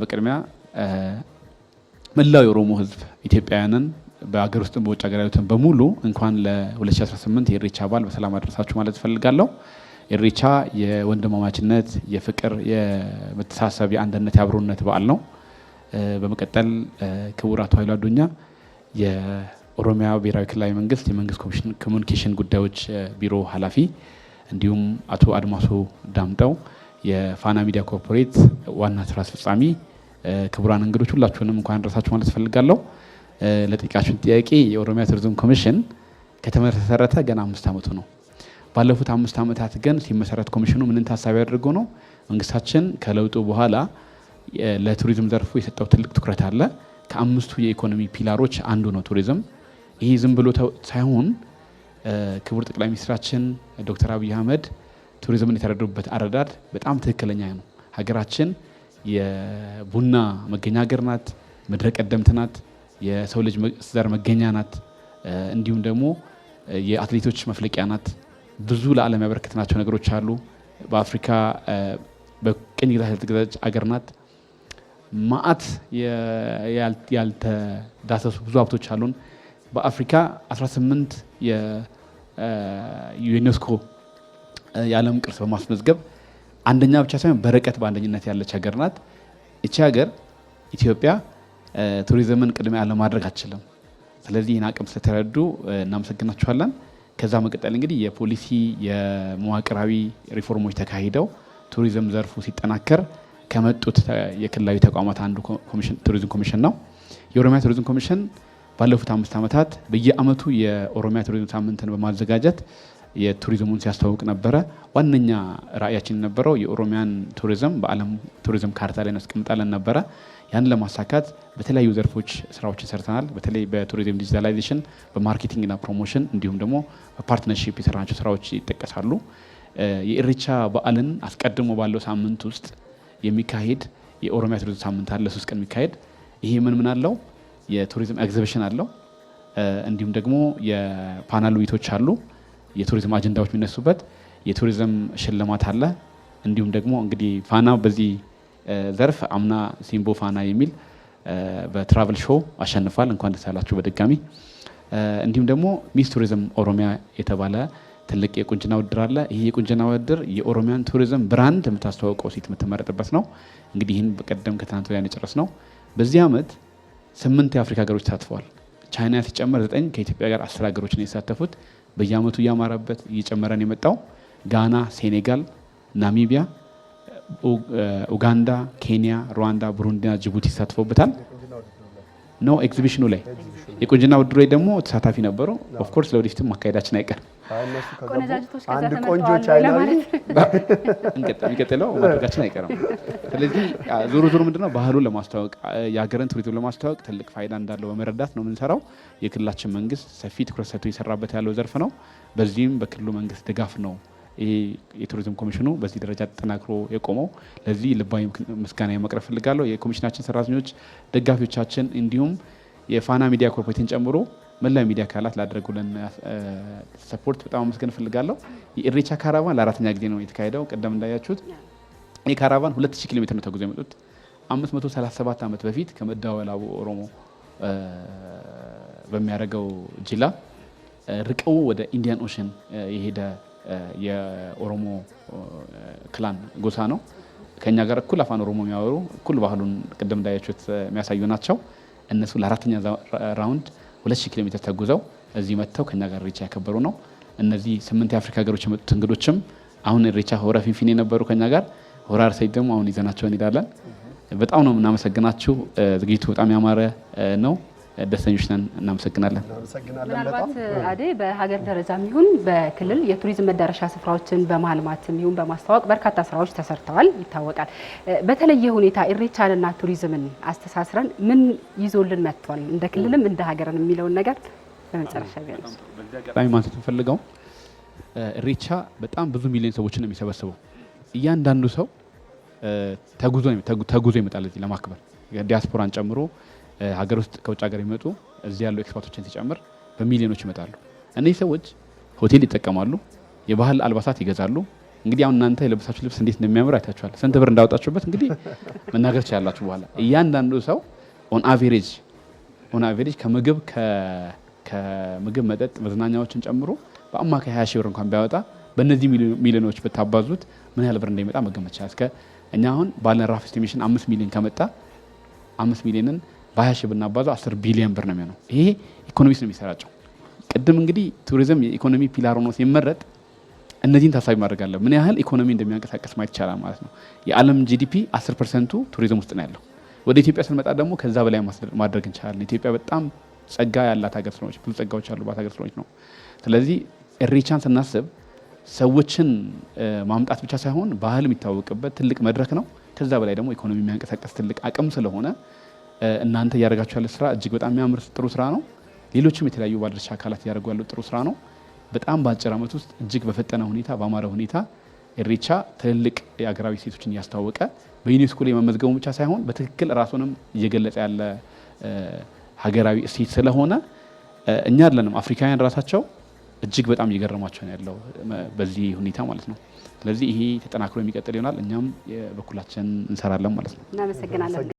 በቅድሚያ መላው የኦሮሞ ህዝብ ኢትዮጵያውያንን በሀገር ውስጥም በውጭ ሀገር ያሉትን በሙሉ እንኳን ለ2018 የኢሬቻ በዓል በሰላም አደረሳችሁ ማለት እፈልጋለሁ። ኢሬቻ የወንድማማችነት፣ የፍቅር፣ የመተሳሰብ፣ የአንድነት፣ የአብሮነት በዓል ነው። በመቀጠል ክቡር አቶ ኃይሉ አዱኛ የኦሮሚያ ብሔራዊ ክልላዊ መንግስት የመንግስት ኮሚኒኬሽን ጉዳዮች ቢሮ ኃላፊ እንዲሁም አቶ አድማሱ ዳምጠው የፋና ሚዲያ ኮርፖሬት ዋና ስራ አስፈጻሚ ክቡራን እንግዶች ሁላችሁንም እንኳን ደረሳችሁ ማለት እፈልጋለሁ። ለጠየቃችሁን ጥያቄ የኦሮሚያ ቱሪዝም ኮሚሽን ከተመሰረተ ገና አምስት ዓመቱ ነው። ባለፉት አምስት ዓመታት ግን ሲመሰረት ኮሚሽኑ ምንን ታሳቢ ያደርገው ነው? መንግስታችን ከለውጡ በኋላ ለቱሪዝም ዘርፉ የሰጠው ትልቅ ትኩረት አለ። ከአምስቱ የኢኮኖሚ ፒላሮች አንዱ ነው ቱሪዝም። ይህ ዝም ብሎ ሳይሆን ክቡር ጠቅላይ ሚኒስትራችን ዶክተር አብይ አህመድ ቱሪዝምን የተረዱበት አረዳድ በጣም ትክክለኛ ነው። ሀገራችን የቡና መገኛ ሀገር ናት። ምድረ ቀደምት ናት። የሰው ልጅ ዘር መገኛ ናት። እንዲሁም ደግሞ የአትሌቶች መፍለቂያ ናት። ብዙ ለዓለም ያበረከትናቸው ነገሮች አሉ። በአፍሪካ በቅኝ ግዛት ያልተገዛች አገር ናት። ማአት ያልተዳሰሱ ብዙ ሀብቶች አሉን። በአፍሪካ 18 የዩኔስኮ የዓለም ቅርስ በማስመዝገብ አንደኛ ብቻ ሳይሆን በርቀት በአንደኝነት ያለች ሀገር ናት። ይቺ ሀገር ኢትዮጵያ ቱሪዝምን ቅድሚያ ማድረግ አችልም። ስለዚህ ይህን አቅም ስለተረዱ እናመሰግናችኋለን። ከዛ መቀጠል እንግዲህ የፖሊሲ የመዋቅራዊ ሪፎርሞች ተካሂደው ቱሪዝም ዘርፉ ሲጠናከር ከመጡት የክልላዊ ተቋማት አንዱ ቱሪዝም ኮሚሽን ነው። የኦሮሚያ ቱሪዝም ኮሚሽን ባለፉት አምስት ዓመታት በየዓመቱ የኦሮሚያ ቱሪዝም ሳምንትን በማዘጋጀት የቱሪዝሙን ሲያስተዋውቅ ነበረ። ዋነኛ ራዕያችን የነበረው የኦሮሚያን ቱሪዝም በዓለም ቱሪዝም ካርታ ላይ እናስቀምጣለን ነበረ። ያን ለማሳካት በተለያዩ ዘርፎች ስራዎችን ሰርተናል። በተለይ በቱሪዝም ዲጂታላይዜሽን፣ በማርኬቲንግና ፕሮሞሽን እንዲሁም ደግሞ በፓርትነርሺፕ የሰራናቸው ስራዎች ይጠቀሳሉ። የኢሬቻ በዓልን አስቀድሞ ባለው ሳምንት ውስጥ የሚካሄድ የኦሮሚያ ቱሪዝም ሳምንት አለ፣ ሶስት ቀን የሚካሄድ ይሄ ምን ምን አለው? የቱሪዝም ኤግዚቢሽን አለው፣ እንዲሁም ደግሞ የፓናል ውይይቶች አሉ። የቱሪዝም አጀንዳዎች የሚነሱበት የቱሪዝም ሽልማት አለ። እንዲሁም ደግሞ እንግዲህ ፋና በዚህ ዘርፍ አምና ሲምቦ ፋና የሚል በትራቭል ሾው አሸንፏል። እንኳን ደስ ያላችሁ በድጋሚ። እንዲሁም ደግሞ ሚስ ቱሪዝም ኦሮሚያ የተባለ ትልቅ የቁንጅና ውድድር አለ። ይህ የቁንጅና ውድድር የኦሮሚያን ቱሪዝም ብራንድ የምታስተዋውቀው ሴት የምትመረጥበት ነው። እንግዲህ ይህን በቀደም ከትናንት ወዲያ የጨረስ ነው። በዚህ ዓመት ስምንት የአፍሪካ ሀገሮች ተሳትፈዋል። ቻይና ሲጨመር ዘጠኝ ከኢትዮጵያ ጋር አስር ሀገሮች ነው የተሳተፉት። በየአመቱ እያማረበት እየጨመረን የመጣው ጋና፣ ሴኔጋል፣ ናሚቢያ፣ ኡጋንዳ፣ ኬንያ፣ ሩዋንዳ፣ ቡሩንዲና ጅቡቲ ተሳትፎበታል። ነው ኤግዚቢሽኑ ላይ የቁንጅና ውድድሮች ደግሞ ተሳታፊ ነበሩ። ኦፍኮርስ ለወደፊትም ማካሄዳችን አይቀርም። አንድ ቆንጆ ቻይናዊ የሚቀጥለው ማድረጋችን አይቀርም። ስለዚህ ዞሮ ዞሮ ምንድነው ባህሉን ለማስተዋወቅ የሀገርን ቱሪቱን ለማስተዋወቅ ትልቅ ፋይዳ እንዳለው በመረዳት ነው የምንሰራው። የክልላችን መንግስት ሰፊ ትኩረት ሰጥቶ እየሰራበት ያለው ዘርፍ ነው። በዚህም በክልሉ መንግስት ድጋፍ ነው ይሄ የቱሪዝም ኮሚሽኑ በዚህ ደረጃ ተጠናክሮ የቆመው። ለዚህ ልባዊ ምስጋና ማቅረብ ፈልጋለሁ የኮሚሽናችን ሰራተኞች፣ ደጋፊዎቻችን እንዲሁም የፋና ሚዲያ ኮርፖሬትን ጨምሮ መላው የሚዲያ አካላት ላደረጉልን ሰፖርት በጣም አመስገን እፈልጋለሁ። የኢሬቻ ካራቫን ለአራተኛ ጊዜ ነው የተካሄደው። ቅደም እንዳያችሁት ይህ ካራቫን 2000 ኪሎ ሜትር ነው ተጉዞ የመጡት 537 ዓመት በፊት ከመደወላቡ ኦሮሞ በሚያደርገው ጅላ ርቀው ወደ ኢንዲያን ኦሽን የሄደ የኦሮሞ ክላን ጎሳ ነው። ከኛ ጋር እኩል አፋን ኦሮሞ የሚያወሩ እኩል ባህሉን ቅድም እንዳያችሁት የሚያሳዩ ናቸው። እነሱ ለአራተኛ ራውንድ ሁለት ሺህ ኪሎ ሜትር ተጉዘው እዚህ መጥተው ከኛ ጋር ኢሬቻ ያከበሩ ነው። እነዚህ ስምንት የአፍሪካ ሀገሮች የመጡት እንግዶችም አሁን ሬቻ ሆራ ፊንፊኔ የነበሩ ከኛ ጋር ሆራ አርሰዴ ደግሞ አሁን ይዘናቸው እንሄዳለን። በጣም ነው የምናመሰግናችሁ። ዝግጅቱ በጣም ያማረ ነው። ደስተኞች ነን። እናመሰግናለን። ምናልባት አዴ በሀገር ደረጃ የሚሆን በክልል የቱሪዝም መዳረሻ ስፍራዎችን በማልማት የሚሆን በማስተዋወቅ በርካታ ስራዎች ተሰርተዋል ይታወቃል። በተለየ ሁኔታ ኢሬቻንና ቱሪዝምን አስተሳስረን ምን ይዞልን መጥቷል እንደ ክልልም እንደ ሀገርን የሚለውን ነገር በመጨረሻ ቢያንስ በዚህ ማንሳት የምፈልገው ኢሬቻ በጣም ብዙ ሚሊዮን ሰዎችን ነው የሚሰበስበው። እያንዳንዱ ሰው ተጉዞ ይመጣል እዚህ ለማክበር ዲያስፖራን ጨምሮ ሀገር ውስጥ ከውጭ ሀገር የሚመጡ እዚህ ያሉ ኤክስፐርቶችን ሲጨምር በሚሊዮኖች ይመጣሉ። እነዚህ ሰዎች ሆቴል ይጠቀማሉ፣ የባህል አልባሳት ይገዛሉ። እንግዲህ አሁን እናንተ የለበሳችሁ ልብስ እንዴት እንደሚያምር አይታችኋል። ስንት ብር እንዳወጣችሁበት እንግዲህ መናገር ትችላላችሁ። በኋላ እያንዳንዱ ሰው ኦን አቬሬጅ ኦን አቬሬጅ ከምግብ ከምግብ፣ መጠጥ፣ መዝናኛዎችን ጨምሮ በአማካይ ሀያ ሺ ብር እንኳን ቢያወጣ በእነዚህ ሚሊዮኖች ብታባዙት ምን ያህል ብር እንደሚመጣ መገመት ይችላል። እስከ እኛ አሁን ባለን ራፍ ኤስቲሜሽን አምስት ሚሊዮን ከመጣ አምስት ሚሊዮንን በሀያ ሺህ ብናባዛው አስር ቢሊዮን ብር ነው የሚሆነው። ይሄ ኢኮኖሚስ ነው የሚሰራጨው። ቅድም እንግዲህ ቱሪዝም የኢኮኖሚ ፒላር ሆኖ ሲመረጥ እነዚህን ታሳቢ ማድረግ አለ። ምን ያህል ኢኮኖሚ እንደሚያንቀሳቀስ ማየት ይቻላል ማለት ነው። የዓለም ጂዲፒ አስር ፐርሰንቱ ቱሪዝም ውስጥ ነው ያለው። ወደ ኢትዮጵያ ስንመጣ ደግሞ ከዛ በላይ ማድረግ እንችላለን። ኢትዮጵያ በጣም ጸጋ ያላት ሀገር ስለሆነች ብዙ ጸጋዎች ያሉባት ሀገር ስለሆነች ነው። ስለዚህ ኢሬቻን ስናስብ ሰዎችን ማምጣት ብቻ ሳይሆን ባህል የሚታወቅበት ትልቅ መድረክ ነው። ከዛ በላይ ደግሞ ኢኮኖሚ የሚያንቀሳቀስ ትልቅ አቅም ስለሆነ እናንተ እያደረጋችሁ ያለ ስራ እጅግ በጣም የሚያምር ጥሩ ስራ ነው። ሌሎችም የተለያዩ ባለድርሻ አካላት እያደረጉ ያለው ጥሩ ስራ ነው። በጣም በአጭር ዓመት ውስጥ እጅግ በፈጠነ ሁኔታ በአማረ ሁኔታ ኢሬቻ ትልልቅ የአገራዊ ሴቶችን እያስተዋወቀ በዩኔስኮ ላይ መመዝገቡ ብቻ ሳይሆን በትክክል ራሱንም እየገለጸ ያለ ሀገራዊ እሴት ስለሆነ እኛ አይደለንም አፍሪካውያን ራሳቸው እጅግ በጣም እየገረማቸው ነው ያለው በዚህ ሁኔታ ማለት ነው። ስለዚህ ይሄ ተጠናክሮ የሚቀጥል ይሆናል። እኛም በኩላችን እንሰራለን ማለት ነው። እናመሰግናለን።